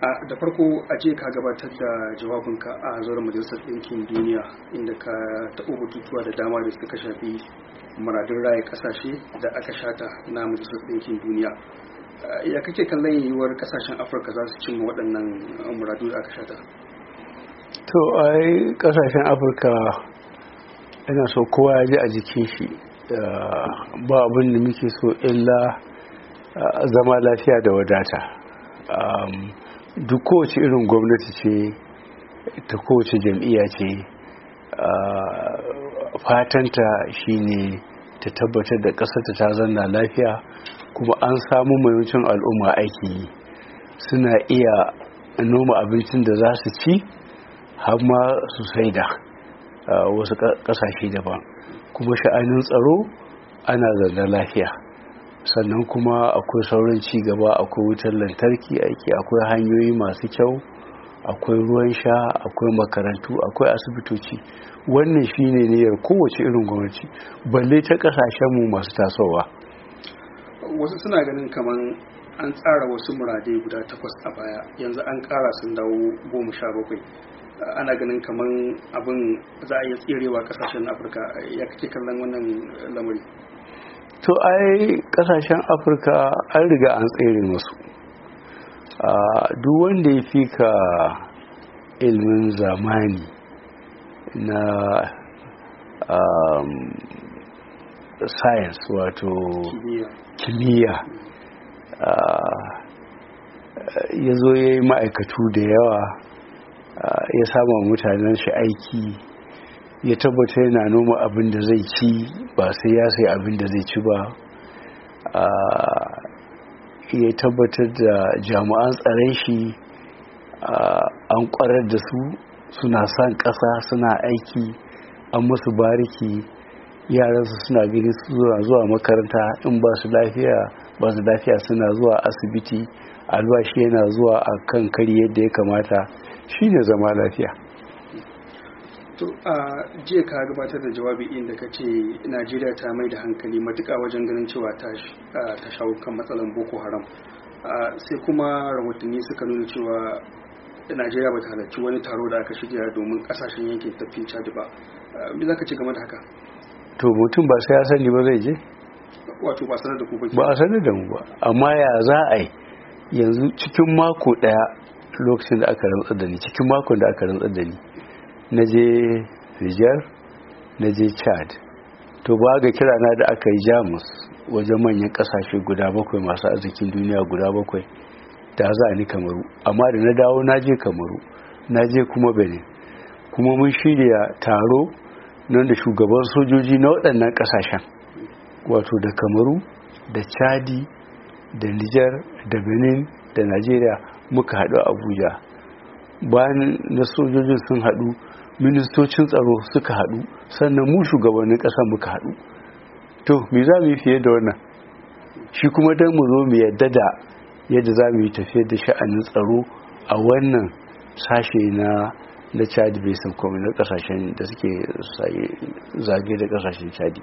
da farko a ce ka gabatar da jawabinka a zauren majalisar ɗinkin duniya inda ka taɓo batutuwa da dama da suka shafi muradun raya ƙasashe da aka shata na majalisar ɗinkin duniya ya kake kallon yiwuwar ƙasashen afirka za su cimma waɗannan muradu da aka shata to ai ƙasashen afirka yana so kowa ya ji a jikin shi ba abin da muke so illa zama lafiya da wadata duk kowace irin gwamnati ce ta kowace jam'iyya ce fatanta shine ta tabbatar da ƙasarta ta zanna lafiya kuma an samu mayancin al'umma aiki suna iya noma abincin da za su ci har ma su saida wasu ƙasashe daban kuma sha'anin tsaro ana zanna lafiya sannan kuma akwai sauran ci gaba akwai wutar lantarki aiki akwai hanyoyi masu kyau akwai ruwan sha akwai makarantu akwai asibitoci wannan shine niyyar kowace irin gwamnati balle ta kasashen mu masu tasowa wasu suna ganin kamar an tsara wasu murade guda takwas a baya yanzu an kara sun dawo goma sha bakwai ana ganin kamar abin za a iya tserewa kasashen afirka ya kake kallon wannan lamari to ai kasashen afirka an riga an tsere masu duk wanda ya fi ka ilmin zamani na um, science wato kimiyya ya zo ya yi ma'aikatu da yawa ya sama mutanen shi aiki ya tabbata yana noma abin da zai ci ba sai ya sai abin da zai ci ba ya tabbatar da jami'an tsaron shi an kwarar da su suna son ƙasa suna aiki an musu bariki yaransu suna gani suna zuwa makaranta in ba su lafiya ba su lafiya suna zuwa asibiti albashi yana zuwa a kan kari yadda ya kamata shine zama lafiya to a jiya ka gabatar da jawabi inda ka ce najeriya ta mai da hankali matuƙa wajen ganin cewa ta shawo kan matsalan boko haram sai kuma rahotanni suka nuna cewa najeriya ba ta halarci wani taro da aka shirya domin kasashen yankin tafin chad ba me za ka ce game da haka to mutum ba sai ya sani ba zai je wato ba sanar da ku ba a sanar da mu ba amma ya za a yi yanzu cikin mako daya lokacin da aka rantsar da ni cikin makon da aka rantsar da ni na je niger na je chad to ba ga kira na da aka yi jamus wajen manyan kasashe guda bakwai masu arzikin duniya guda bakwai da za ni kamaru amma da na dawo na je kamaru na je kuma benin kuma mun shirya taro nan da shugaban sojoji na waɗannan ƙasashen wato da kamaru da chadi da niger da benin da najeriya muka haɗu abuja bayan na sojojin sun haɗu ministocin tsaro suka haɗu sannan mu shugabannin ƙasa muka haɗu to me za mu yi fiye da wannan shi kuma don mu zo mu yadda da yadda za mu yi tafiye da sha'anin tsaro a wannan sashe na na chadi basin san na kasashen da suke zage da ƙasashen chadi